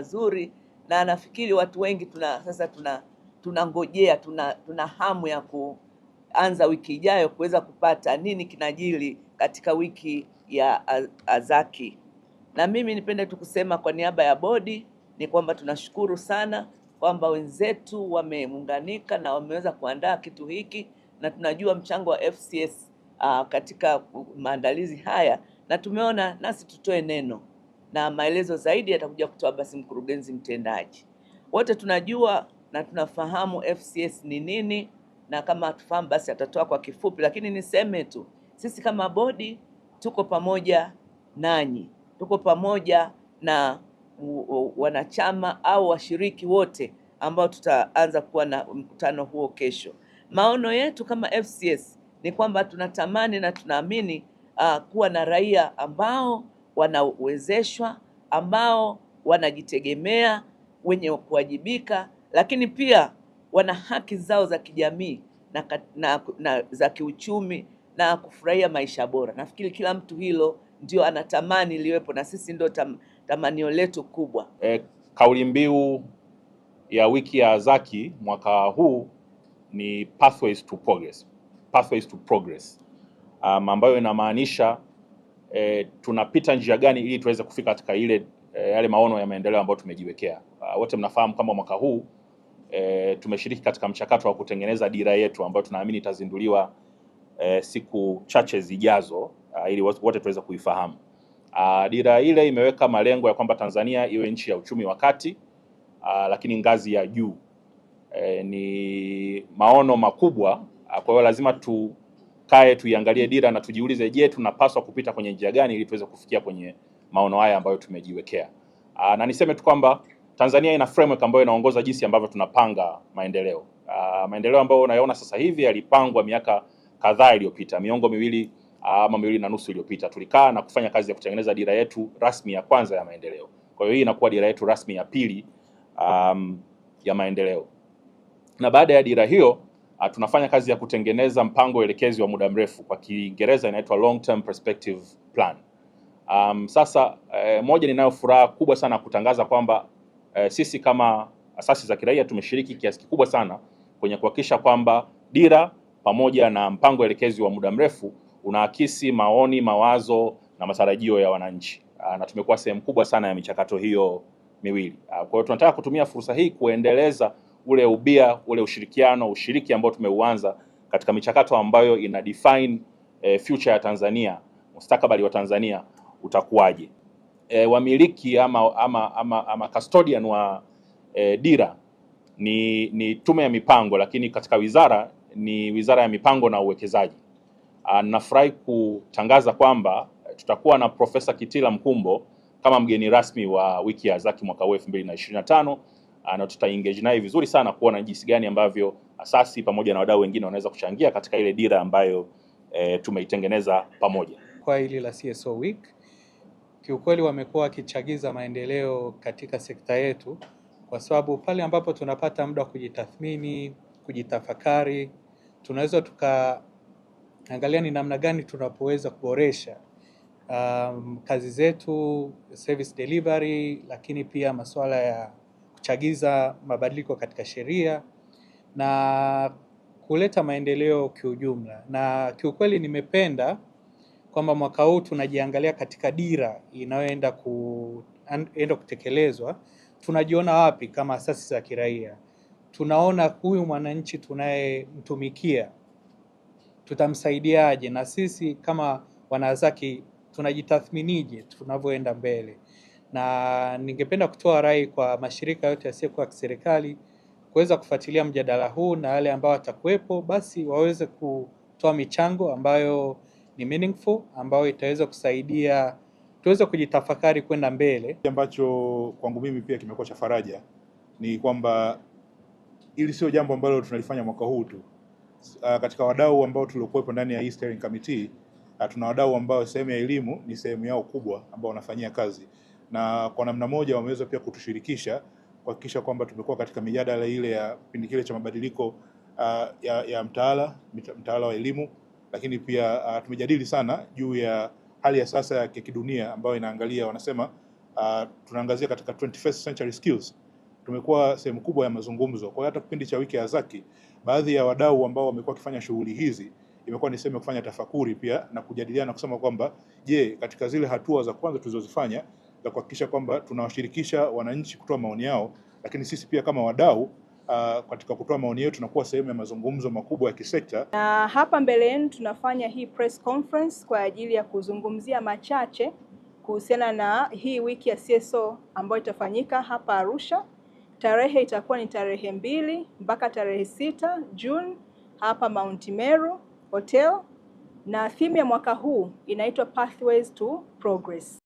mazuri, na nafikiri watu wengi tuna sasa tuna tunangojea tuna, tuna hamu ya kuanza wiki ijayo kuweza kupata nini kinajili katika wiki ya Azaki. Na mimi nipende tu kusema kwa niaba ya bodi ni kwamba tunashukuru sana kwamba wenzetu wameunganika na wameweza kuandaa kitu hiki, na tunajua mchango wa FCS uh, katika maandalizi haya, na tumeona nasi tutoe neno na maelezo zaidi yatakuja kutoa basi mkurugenzi mtendaji. Wote tunajua na tunafahamu FCS ni nini, na kama hatufahamu basi atatoa kwa kifupi, lakini niseme tu sisi kama bodi tuko pamoja nanyi, tuko pamoja na wanachama au washiriki wote ambao tutaanza kuwa na mkutano huo kesho. Maono yetu kama FCS ni kwamba tunatamani na tunaamini uh, kuwa na raia ambao wanawezeshwa ambao wanajitegemea, wenye kuwajibika, lakini pia wana haki zao za kijamii na, na, na za kiuchumi na kufurahia maisha bora. Nafikiri kila mtu hilo ndio anatamani liwepo, na sisi ndio tam, tamanio letu kubwa. E, kauli mbiu ya wiki ya AZAKI mwaka huu ni pathways to progress, pathways to progress um, ambayo inamaanisha e, tunapita njia gani ili tuweze kufika katika ile e, yale maono ya maendeleo ambayo tumejiwekea. Ah, wote mnafahamu kwamba mwaka huu e, tumeshiriki katika mchakato wa kutengeneza dira yetu ambayo tunaamini itazinduliwa e, siku chache zijazo, ah, ili wote tuweze kuifahamu. A, ah, dira ile imeweka malengo ya kwamba Tanzania iwe nchi ya uchumi wa kati lakini ngazi ya juu. E, ni maono makubwa, kwa hiyo lazima tu tukae tuiangalie dira na tujiulize, je, tunapaswa kupita kwenye njia gani ili tuweze kufikia kwenye maono haya ambayo tumejiwekea. Aa, ah, na niseme tu kwamba Tanzania ina framework ambayo inaongoza jinsi ambavyo tunapanga maendeleo. Aa, ah, maendeleo ambayo unayaona sasa hivi yalipangwa miaka kadhaa iliyopita, miongo miwili ah, ama miwili na nusu iliyopita. Tulikaa na kufanya kazi ya kutengeneza dira yetu rasmi ya kwanza ya maendeleo. Kwa hiyo hii inakuwa dira yetu rasmi ya pili um, ya maendeleo, na baada ya dira hiyo Ah, tunafanya kazi ya kutengeneza mpango elekezi wa muda mrefu, kwa Kiingereza inaitwa long term perspective plan. Um, sasa eh, moja ninayo furaha kubwa sana kutangaza kwamba eh, sisi kama asasi za kiraia tumeshiriki kiasi kikubwa sana kwenye kuhakikisha kwamba dira pamoja na mpango elekezi wa muda mrefu unaakisi maoni, mawazo na matarajio ya wananchi, ah, na tumekuwa sehemu kubwa sana ya michakato hiyo miwili. Ah, kwa hiyo tunataka kutumia fursa hii kuendeleza ule ubia, ule ushirikiano, ushiriki ambao tumeuanza katika michakato ambayo ina define e, future ya Tanzania, mustakabali wa Tanzania utakuwaje? E, wamiliki ama, ama, ama, ama custodian wa e, dira ni, ni tume ya mipango, lakini katika wizara ni wizara ya mipango na uwekezaji. Ah, nafurahi kutangaza kwamba tutakuwa na Profesa Kitila Mkumbo kama mgeni rasmi wa wiki ya Zaki mwaka huu 2025. Ah, na tutaengage naye vizuri sana kuona jinsi gani ambavyo asasi pamoja na wadau wengine wanaweza kuchangia katika ile dira ambayo e, tumeitengeneza pamoja. Kwa hili la CSO Week kiukweli, wamekuwa wakichagiza maendeleo katika sekta yetu, kwa sababu pale ambapo tunapata muda wa kujitathmini, kujitafakari, tunaweza tukaangalia ni namna gani tunapoweza kuboresha um, kazi zetu, service delivery, lakini pia masuala ya kuchagiza mabadiliko katika sheria na kuleta maendeleo kiujumla. Na kiukweli nimependa kwamba mwaka huu tunajiangalia katika dira inayoenda ku, kutekelezwa, tunajiona wapi kama asasi za kiraia, tunaona huyu mwananchi tunayemtumikia tutamsaidiaje, na sisi kama wanazaki tunajitathminije tunavyoenda mbele na ningependa kutoa rai kwa mashirika yote yasiyokuwa kiserikali kuweza kufuatilia mjadala huu na wale ambao watakuwepo basi waweze kutoa michango ambayo ni meaningful, ambayo itaweza kusaidia tuweze kujitafakari kwenda mbele. Ambacho kwangu mimi pia kimekuwa cha faraja ni kwamba ili sio jambo ambalo tunalifanya mwaka huu tu. Ah, katika wadau ambao tuliokuwepo ndani ya steering committee, ah, tuna wadau ambao sehemu ya elimu ni sehemu yao kubwa ambao wanafanyia kazi na kwa namna moja wameweza pia kutushirikisha kuhakikisha kwamba tumekuwa katika mijadala ile ya kipindi kile cha mabadiliko uh, ya, ya mtaala mtaala wa elimu, lakini pia uh, tumejadili sana juu ya hali ya sasa ya kidunia ambayo inaangalia wanasema uh, tunaangazia katika 21st century skills. Tumekuwa sehemu kubwa ya mazungumzo. Kwa hiyo hata kipindi cha wiki ya Zaki, baadhi ya wadau ambao wamekuwa wakifanya shughuli hizi imekuwa ni sehemu ya kufanya tafakuri pia na kujadiliana na kusema kwamba je, katika zile hatua za kwanza tulizozifanya la kuhakikisha kwamba tunawashirikisha wananchi kutoa maoni yao, lakini sisi pia kama wadau uh, katika kutoa maoni yetu tunakuwa sehemu ya mazungumzo makubwa ya kisekta. Na hapa mbele yenu tunafanya hii press conference kwa ajili ya kuzungumzia machache kuhusiana na hii wiki ya CSO ambayo itafanyika hapa Arusha. Tarehe itakuwa ni tarehe mbili mpaka tarehe sita Juni hapa Mount Meru Hotel, na theme ya mwaka huu inaitwa Pathways to Progress.